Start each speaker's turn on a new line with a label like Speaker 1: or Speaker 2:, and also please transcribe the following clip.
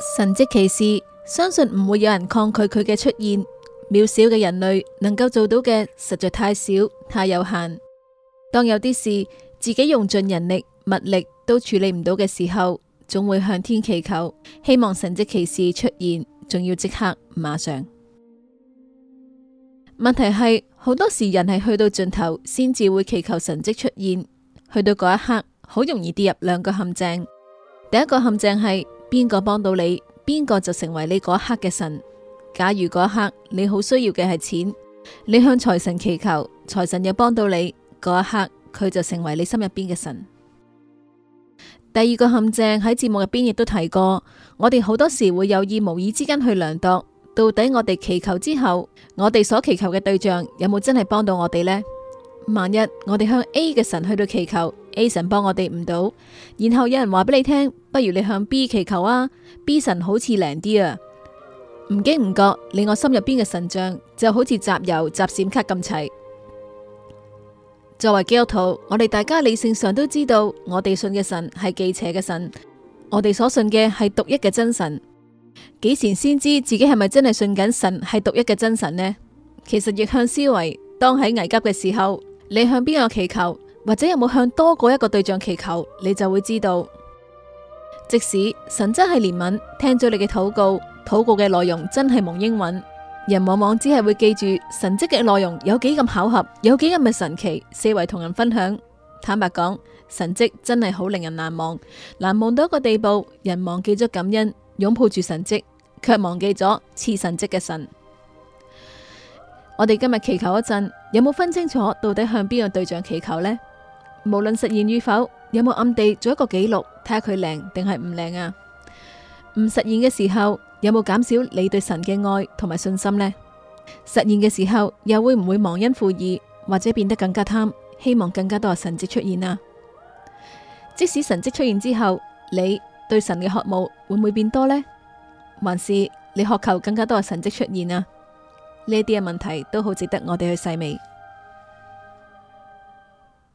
Speaker 1: 神蹟奇事，相信唔會有人抗拒佢嘅出現。渺小嘅人類能夠做到嘅實在太少太有限。當有啲事自己用盡人力物力都處理唔到嘅時候，總會向天祈求，希望神蹟奇事出現，仲要即刻馬上。問題係好多時人係去到盡頭先至會祈求神蹟出現，去到嗰一刻，好容易跌入兩個陷阱。第一個陷阱係。邊個幫到你，邊個就成為你嗰刻嘅神。假如嗰刻你好需要嘅係錢，你向財神祈求，財神又幫到你嗰一刻，佢就成為你心入邊嘅神。第二個陷阱喺節目入邊亦都提過，我哋好多時會有意無意之間去量度，到底我哋祈求之後，我哋所祈求嘅對象有冇真係幫到我哋呢？萬一我哋向 A 嘅神去到祈求，A 神幫我哋唔到，然後有人話俾你聽，不如你向 B 祈求啊，B 神好似靈啲啊，唔經唔覺，你我心入邊嘅神像就好似集郵集閃卡咁齊。作為基督徒，我哋大家理性上都知道，我哋信嘅神係忌邪嘅神，我哋所信嘅係獨一嘅真神。幾時先知自己係咪真係信緊神係獨一嘅真神呢？其實逆向思維，當喺危急嘅時候。你向邊個祈求，或者有冇向多過一個對象祈求，你就會知道。即使神真係憐憫，聽咗你嘅禱告，禱告嘅內容真係蒙應允。人往往只係會記住神蹟嘅內容有幾咁巧合，有幾咁嘅神奇，四圍同人分享。坦白講，神蹟真係好令人難忘，難忘到一個地步，人忘記咗感恩，擁抱住神蹟，卻忘記咗賜神蹟嘅神。我哋今日祈求嗰陣，有冇分清楚到底向邊個對象祈求呢？無論實現與否，有冇暗地做一個記錄，睇下佢靚定係唔靚啊？唔實現嘅時候，有冇減少你對神嘅愛同埋信心呢？實現嘅時候，又會唔會忘恩負義或者變得更加貪，希望更加多神跡出現啊？即使神跡出現之後，你對神嘅渴慕會唔會變多呢？還是你渴求更加多神跡出現啊？呢啲嘅問題都好值得我哋去細味。